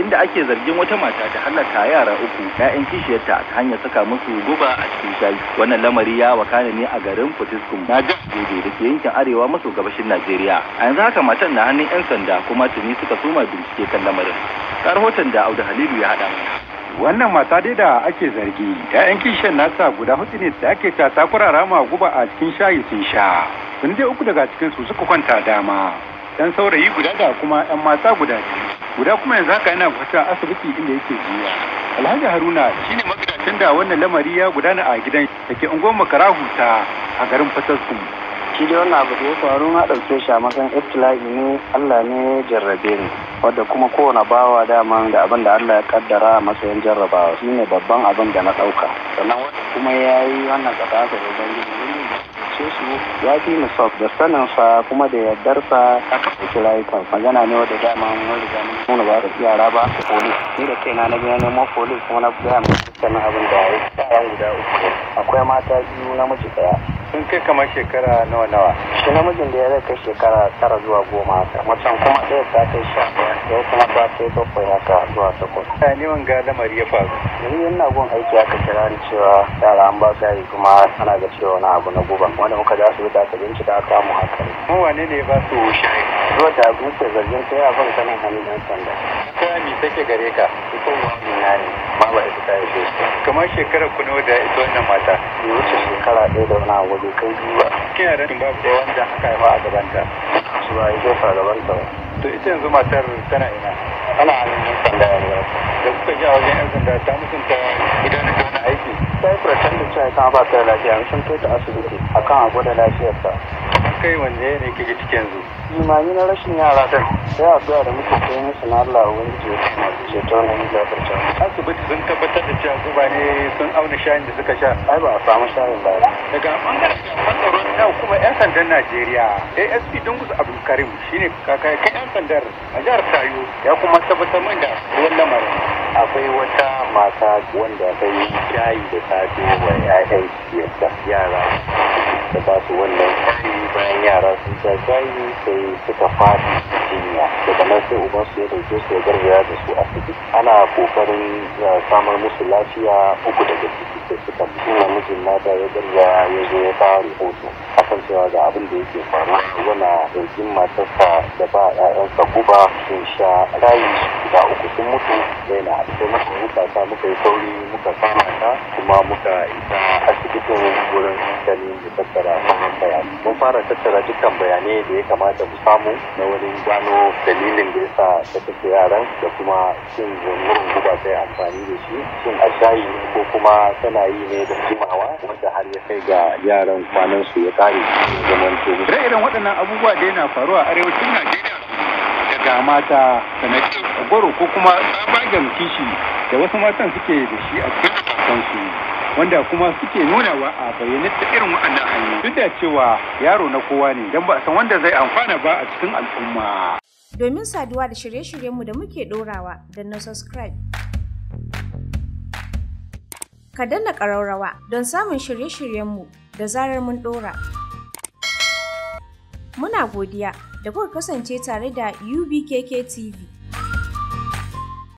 inda ake zargin wata mata ta halaka yara uku 'ya'yan kishiyarta ta hanyar saka musu guba a cikin shayi wannan lamari ya wakana ne a garin Potiskum na jihar da ke yankin arewa maso gabashin Najeriya a yanzu haka matan na hannun 'yan sanda kuma tuni suka suma bincike kan lamarin ka rahoton da Audu Halilu ya haɗa mana wannan mata dai da ake zargi 'ya'yan kishiyar nasa guda hudu ne da ake ta takura rama guba a cikin shayi sun sha sun dai uku daga cikin su suka kwanta dama dan saurayi guda da kuma 'yan mata guda biyu guda kuma yanzu haka yana a asibiti inda yake jiya alhaji haruna shine magidancin da wannan lamari ya gudana a gidan da ke unguwar makarahu ta a garin fataskum shi dai wannan abu da ya faru na ɗauke shi a matsayin iftila'i ne allah ne jarrabe ne wadda kuma kowane bawa dama da abin da allah ya kaddara a matsayin jarrabawa shine babban abin da na ɗauka sannan kuma ya yi wannan tsaka da ubangiji ce su ya fi musaf da saninsa kuma da yardarsa a yi kan. magana ne wadda dama wani riga nuna ba da yara ba polis ni da kaina na biya neman polis kuma na gaya sannan abin da ya yaran guda uku akwai mata biyu namiji daya sun kai kamar shekara nawa nawa shi namijin da ya zai kai shekara tara zuwa goma haka macen kuma ɗaya ta kai sha ɗaya kuma ta kai bakwai haka zuwa takwas ta ne wanga ya faru ni ina gun aiki aka kira ni cewa yara an ba su yari kuma ana ga cewa wani abu na guban wanda muka za su da aka bincika aka mu haka mu wane ne ba su shayi zuwa da abin ke zargin sai abin sanin hannun sanda ta mi take gare ka kamar shekara ku nawa da ita wannan mata bai wuce shekara ɗaya da wani abu kai biyu ba kina da babu da eh, wanda aka ba a gabanta su ba ya gaban ta ba to ita yanzu matar tana ina ana hannun yin sanda ya lura da kuka ji a wajen yan sanda ta mutunta idan na wani aiki ta yi furatan da cewa ta ba ta lafiya sun kai ta asibiti akan a gwada lafiyarta kai wanne ne kake cikin yanzu imani na rashin yara Ta sai zuwa da muka kai musu na Allah wani je masu ceto na ni zafarta asibiti sun tabbatar da cewa zuba ne sun auna shayin da suka sha ai ba a samu shayin ba daga bangaren tsaron na kuma yan sandan Najeriya ASP Dungus Abdulkarim shine kakakin yan sandar a jihar Sayo ya kuma tabbatar min da ruwan lamarin akwai wata mata wanda ta yi shayi da safe wa 'ya'yan yara da ba su wannan kashi bayan yara sun sa. shayi sai suka faɗi jinya daga nan sai uban su ya dauke su ya garzaya da su asibiti ana kokarin eh, samar musu lafiya uku daga ciki sai suka mutu mijin mata ya dalla ya zo ya fara rahoto akan cewa ga abin da yake faruwa yana ɗaukin matarsa da ba ƴaƴansa guba sun sha rayu guda uku sun mutu yana sai muka muka sa muka yi sauri muka kama ta kuma muka isa asibitin wurin ganin da tattara sauran bayanai mun fara tattara dukkan bayanai da ya kamata mu samu na wani gano dalilin da yasa ta kashe yaran da kuma shin wani guba ta yi amfani da shi shin a shayi ko kuma tana yi ne da jima hawa wanda har ya kai ga yaran kwanan su ya kare zaman to ire-iren waɗannan abubuwa da yana faruwa a arewacin Najeriya daga mata sanadiyar goro ko kuma tsabagen kishi da wasu matan suke da shi a cikin su wanda kuma suke nunawa a bayyane ta irin waɗannan hanyoyi duk da cewa yaro na kowa ne don ba a san wanda zai amfana ba a cikin al'umma domin saduwa da shirye-shiryenmu da muke ɗorawa da na subscribe ka danna ƙaraurawa don samun shirye-shiryenmu da zarar mun ɗora. Muna godiya da kuka kasance tare da UBKK TV.